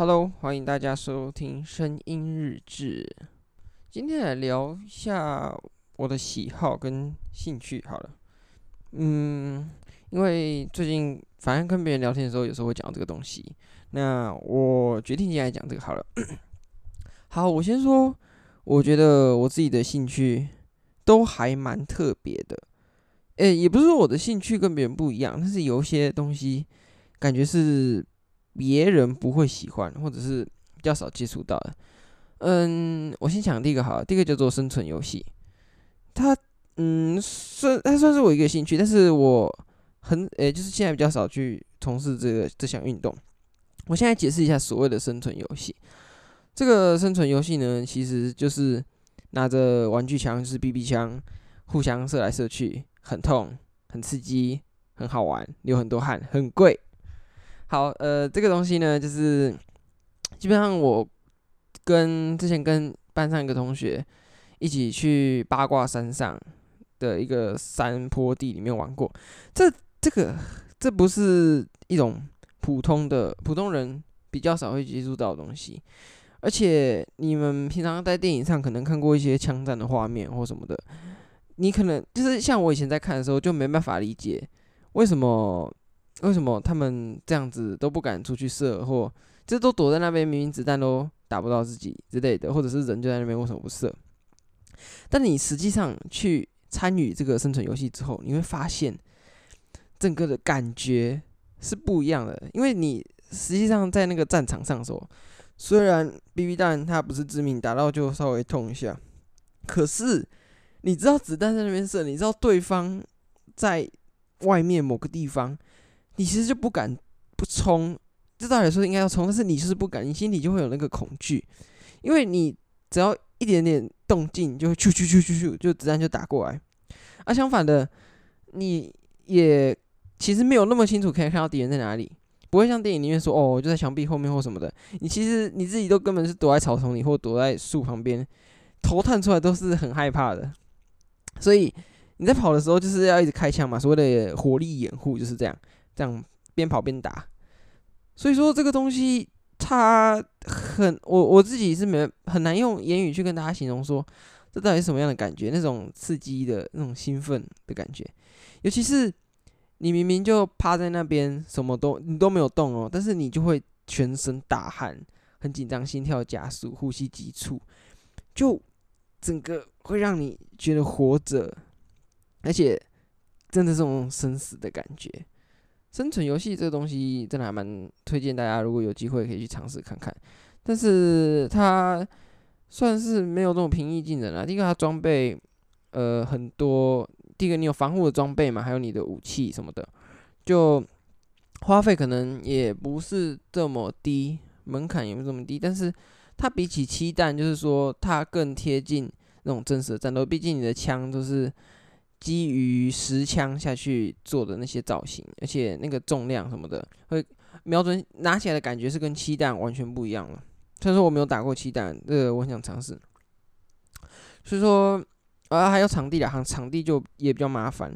Hello，歡迎大家收聽聲音日誌。今天來聊一下我的喜好跟興趣。好了，嗯，因為最近反正跟別人聊天的時候，有時候會講到這個東西。那我決定今天來講這個好了。 好，我先說，我覺得我自己的興趣都還蠻特別的。誒，也不是說我的興趣跟別人不一樣，但是有一些東西感覺是。別人不會喜歡，或者是比較少接觸到的。嗯，我先講第一個，好了，第一個叫做生存遊戲。它，嗯，算，它算是我一個興趣，但是我很，誒，就是現在比較少去從事這個這項運動。我現在解釋一下所謂的生存遊戲。這個生存遊戲呢，其實就是拿着玩具槍，就是 BB 槍，互相射來射去，很痛，很刺激，很好玩，流很多汗，很貴。好，呃，這個東西呢，就是基本上我跟之前跟班上一個同學一起去八卦山上的一個山坡地裡面玩過。這、這個、這不是一種普通的普通人比較少會接觸到的東西，而且你們平常在電影上可能看過一些槍戰的畫面或什麼的，你可能就是像我以前在看的時候就沒辦法理解為什麼。為什麼他們這樣子都不敢出去射，或就都躲在那邊？明明子彈都打不到自己之類的，或者是人就在那邊，為什麼不射？但你實際上去參與這個生存遊戲之後，你會發現整個的感覺是不一樣的。因為你實際上在那個戰場上說，雖然 BB 彈它不是致命，打到就稍微痛一下，可是你知道子彈在那邊射，你知道對方在外面某個地方。你其實就不敢不衝，這道理說應該要衝，但是你就是不敢，你心裡就會有那個恐懼，因為你只要一點點動靜，就咻咻咻咻咻，就子彈就打過來，啊。而相反的，你也其實沒有那麼清楚可以看到敵人在哪裡，不會像電影裡面說，哦，我就在牆壁後面或什麼的。你其實你自己都根本是躲在草叢裡或躲在樹旁邊，頭探出來都是很害怕的。所以你在跑的時候就是要一直開槍嘛，所謂的火力掩護就是這樣。這樣邊跑邊打，所以說這個東西它很，我我自己是沒很難用言語去跟大家形容說，這到底是什麼樣的感覺？那種刺激的那種興奮的感覺，尤其是你明明就趴在那邊，什麼都你都沒有動哦，但是你就會全身大汗，很緊張，心跳加速，呼吸急促，就整個會讓你覺得活着，而且真的是種生死的感覺。生存遊戲這個東西真的還蠻推薦大家，如果有機會可以去嘗試看看。但是它算是沒有那麼平易近人啊。第一個它裝備，呃，很多。第一個你有防護的裝備嘛，還有你的武器什麼的，就花費可能也不是這麼低，門檻也不是這麼低。但是它比起漆彈，就是說它更貼近那種真實的戰鬥，畢竟你的槍都、就是。基於實槍下去做的那些造型，而且那個重量什麼的，會瞄準拿起來的感覺是跟七彈完全不一樣了。雖然說我沒有打過七彈，這個我很想嘗試。所以說啊，還有場地啦，好像場地就也比較麻煩。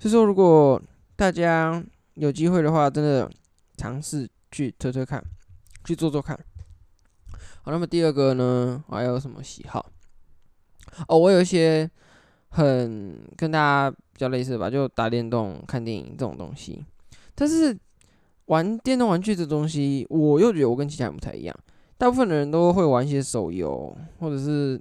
所以說，如果大家有機會的話，真的嘗試去推推看，去做做看。好，那麼第二個呢，我還有什麼喜好？哦，我有一些。很跟大家比較類似吧，就打電動、看電影這種東西。但是玩電動玩具這東西，我又覺得我跟其他人不太一樣。大部分的人都會玩一些手遊或者是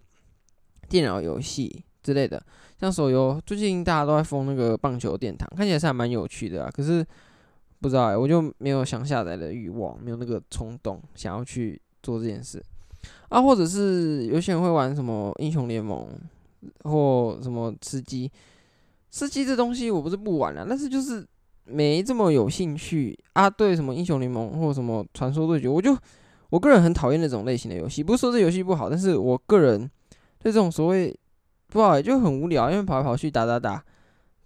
電腦遊戲之類的。像手遊，最近大家都在瘋那個《棒球殿堂》，看起來是還蠻有趣的啊。可是不知道哎、欸，我就沒有想下載的欲望，沒有那個衝動想要去做這件事啊。或者是有些人會玩什麼《英雄聯盟》。或什麼吃雞，吃雞這東西我不是不玩了，啊，但是就是沒這麼有興趣啊。對什麼英雄聯盟或什麼傳說對決，我就我個人很討厭那種類型的遊戲。不是說這遊戲不好，但是我個人對這種所謂不好也就很無聊，因為跑來跑去打打打，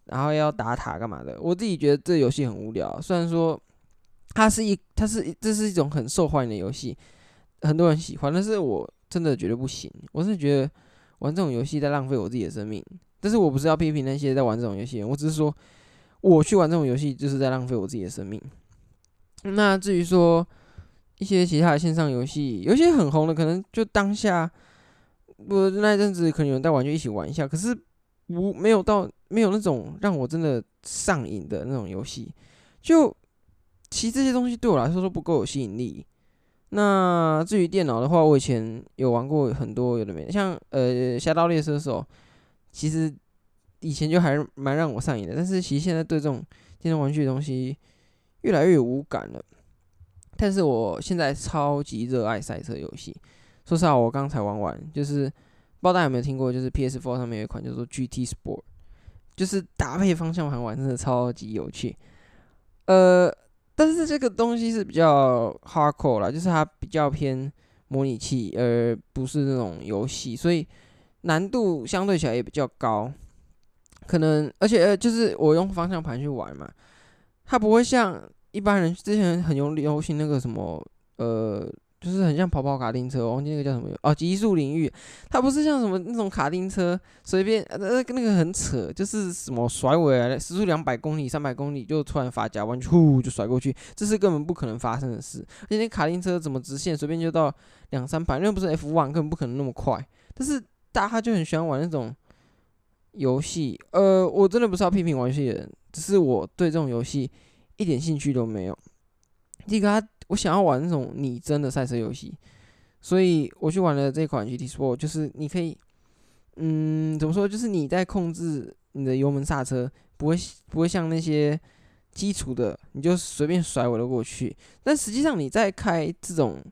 然後要打塔幹嘛的，我自己覺得這遊戲很無聊。雖然說它是一，它是一，這是一種很受歡迎的遊戲，很多人喜歡，但是我真的覺得不行，我是覺得。玩這種遊戲在浪費我自己的生命，但是我不是要批評那些在玩這種遊戲，我只是說我去玩這種遊戲就是在浪費我自己的生命。那至於說一些其他的線上遊戲，有些很紅的，可能就當下我那陣子可能有人帶玩就一起玩一下，可是我沒有到沒有那種讓我真的上癮的那種遊戲，就其實這些東西對我來說都不夠有吸引力。那至於電腦的話，我以前有玩過很多有的沒，像呃《俠盜獵車手》，其實以前就還蠻讓我上癮的。但是其實現在對這種電動玩具的東西越來越無感了。但是我現在超級熱愛賽車遊戲。說實話，我剛才玩完，就是不知道大家有沒有聽過，就是 PS Four 上面有一款叫做 GT Sport，就是搭配方向盤玩，真的超級有趣。呃。但是這個東西是比較 hardcore 啦，就是它比較偏模擬器，而不是那種遊戲，所以難度相對起來也比較高。可能而且呃，就是我用方向盤去玩嘛，它不會像一般人之前很用流行那個什麼呃。就是很像跑跑卡丁車，我忘記那個叫什麼了哦，極速領域。它不是像什麼那種卡丁車隨便呃那個很扯，就是什麼甩尾啊，時速兩百公里、三百公里就突然髮夾彎，完全呼就甩過去，這是根本不可能發生的事。而且那卡丁車怎麼直線隨便就到兩三百？因為不是 F1，根本不可能那麼快。但是大家就很喜歡玩那種遊戲，呃，我真的不是要批評玩遊戲的人，只是我對這種遊戲一點興趣都沒有。這個。我想要玩那種擬真的賽車遊戲，所以我去玩了這款《GT Sport》，就是你可以，嗯，怎麼說，就是你在控制你的油門剎車，不會不會像那些基礎的，你就隨便甩尾了過去。但實際上你在開這種，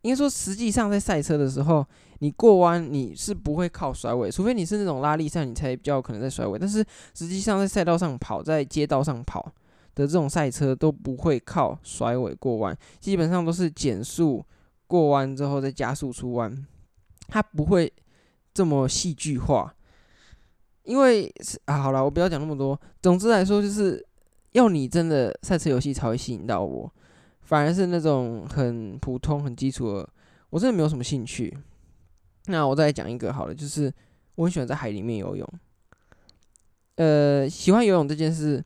應該說實際上在賽車的時候，你過彎你是不會靠甩尾，除非你是那種拉力賽，你才比較有可能在甩尾。但是實際上在賽道上跑，在街道上跑。的這種賽車都不會靠甩尾過彎，基本上都是減速過彎之後再加速出彎，它不會這麼戲劇化。因為啊，好啦，我不要講那麼多。總之來說，就是要你真的賽車遊戲才會吸引到我，反而是那種很普通、很基礎的，我真的沒有什麼興趣。那我再講一個好了，就是我很喜歡在海裡面游泳，呃，喜歡游泳這件事。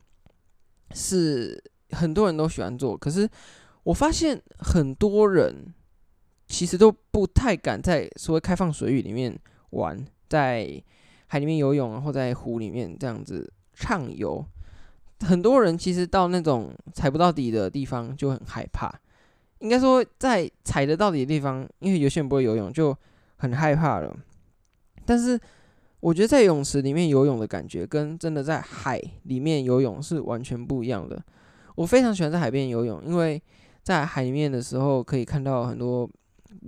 是很多人都喜歡做，可是我發現很多人其實都不太敢在所謂開放水域裡面玩，在海裡面游泳，或在湖裡面這樣子暢游。很多人其實到那種踩不到底的地方就很害怕，應該說在踩得到底的地方，因為有些人不會游泳就很害怕了，但是。我覺得在泳池裡面游泳的感覺，跟真的在海裡面游泳是完全不一樣的。我非常喜歡在海邊游泳，因為在海裡面的時候可以看到很多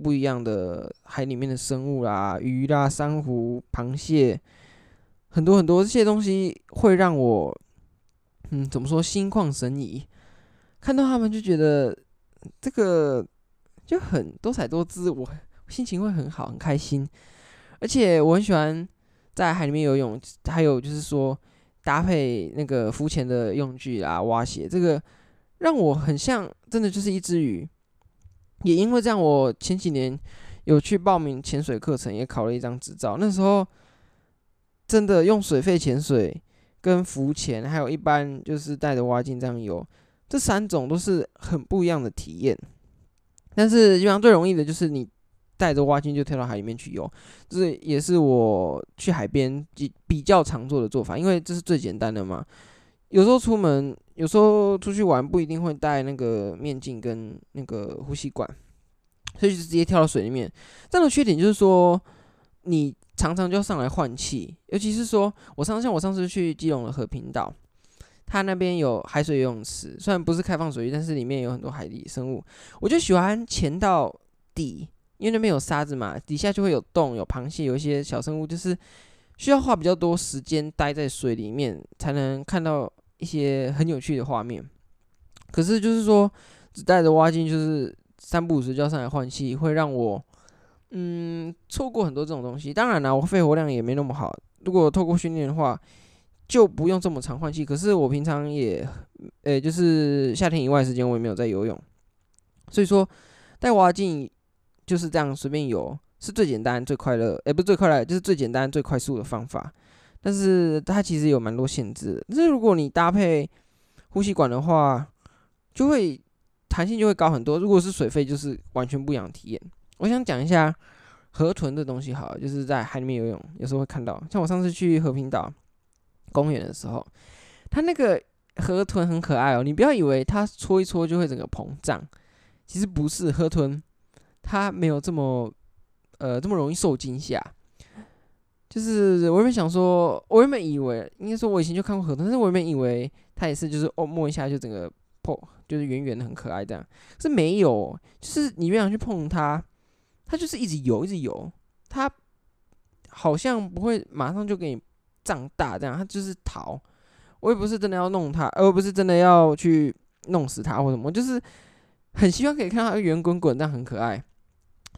不一樣的海裡面的生物啦、魚啦、珊瑚、螃蟹，很多很多這些東西會讓我，嗯，怎麼說，心曠神怡。看到他們就覺得這個就很多彩多姿我，我心情會很好，很開心。而且我很喜歡。在海裡面游泳，還有就是說搭配那個浮潛的用具啊、蛙鞋，這個讓我很像真的就是一隻魚。也因為這樣，我前幾年有去報名潛水課程，也考了一張執照。那時候真的用水肺潛水，跟浮潛，還有一般就是帶着蛙鏡這樣游，這三種都是很不一樣的體驗。但是，基本上最容易的就是你。帶着蛙鏡就跳到海裡面去游，這也是我去海邊比比較常做的做法，因為這是最簡單的嘛。有時候出門，有時候出去玩，不一定會帶那個面鏡跟那個呼吸管，所以就直接跳到水裡面。這樣的缺點就是說，你常常就上來換氣，尤其是說我上次像我上次去基隆的和平島，它那邊有海水游泳池，雖然不是開放水域，但是裡面有很多海底生物，我就喜歡潛到底。因為那邊有沙子嘛，底下就會有洞、有螃蟹、有一些小生物，就是需要花比較多時間待在水裡面，才能看到一些很有趣的畫面。可是就是說，只帶着蛙鏡就是三不五時就要上來換氣，會讓我嗯錯過很多這種東西。當然了、啊，我肺活量也沒那麼好，如果我透過訓練的話，就不用這麼常換氣。可是我平常也呃、欸，就是夏天以外的時間我也沒有在游泳，所以說帶蛙鏡。就是這樣，隨便游是最簡單、最快樂，也不是最快樂，就是最簡單、最快速的方法。但是它其實有蠻多限制，就是如果你搭配呼吸管的話，就會彈性就會高很多。如果是水肺，就是完全不一樣的體驗。我想講一下河豚的東西，好，就是在海裡面游泳，有時候會看到，像我上次去和平島公園的時候，它那個河豚很可愛哦、喔。你不要以為它戳一戳就會整個膨脹，其實不是河豚。它沒有這麼，呃，這麼容易受驚嚇。就是我原本想說，我原本以為應該說，我以前就看過河豚，但是我原本以為它也是就是哦，摸一下就整個破，就是圓圓的很可愛這樣。是沒有，就是你越想去碰它，它就是一直游，一直游，它好像不會馬上就給你脹大這樣，它就是逃。我也不是真的要弄它，而、呃、不是真的要去弄死它或什麼，就是很希望可以看到它圓滾滾，這樣很可愛。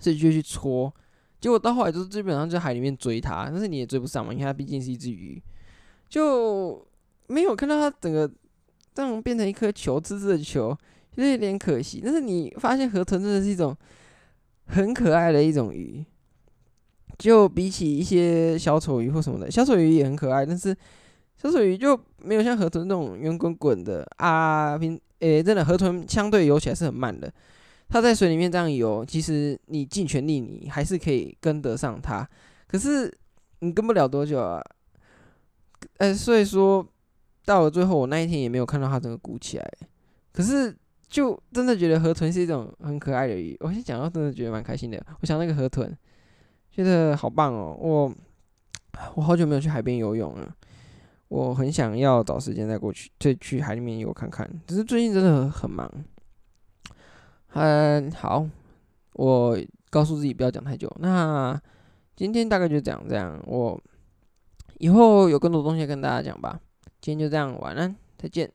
自己就去戳，結果到後來就是基本上在海裡面追它，但是你也追不上嘛，因為它畢竟是一隻魚，就沒有看到它整個這樣變成一顆球，滋滋的球，就是有點可惜。但是你發現河豚真的是一種很可愛的一種魚，就比起一些小丑魚或什麼的，小丑魚也很可愛，但是小丑魚就沒有像河豚那種圓滾滾的啊，平誒，真的河豚相對游起來是很慢的。它在水裡面這樣游，其實你盡全力，你還是可以跟得上它。可是你跟不了多久啊，哎、欸，所以說到了最後，我那一天也沒有看到它整個鼓起來。可是就真的覺得河豚是一種很可愛的魚。我先講到真的覺得蠻開心的。我想那個河豚，覺得好棒哦！我我好久沒有去海邊游泳了，我很想要找時間再過去，再去海裡面游看看。可是最近真的很忙。嗯，好。我告訴自己不要講太久。那今天大概就講這樣，這樣，我以後有更多東西跟大家講吧。今天就這樣，晚安，再見。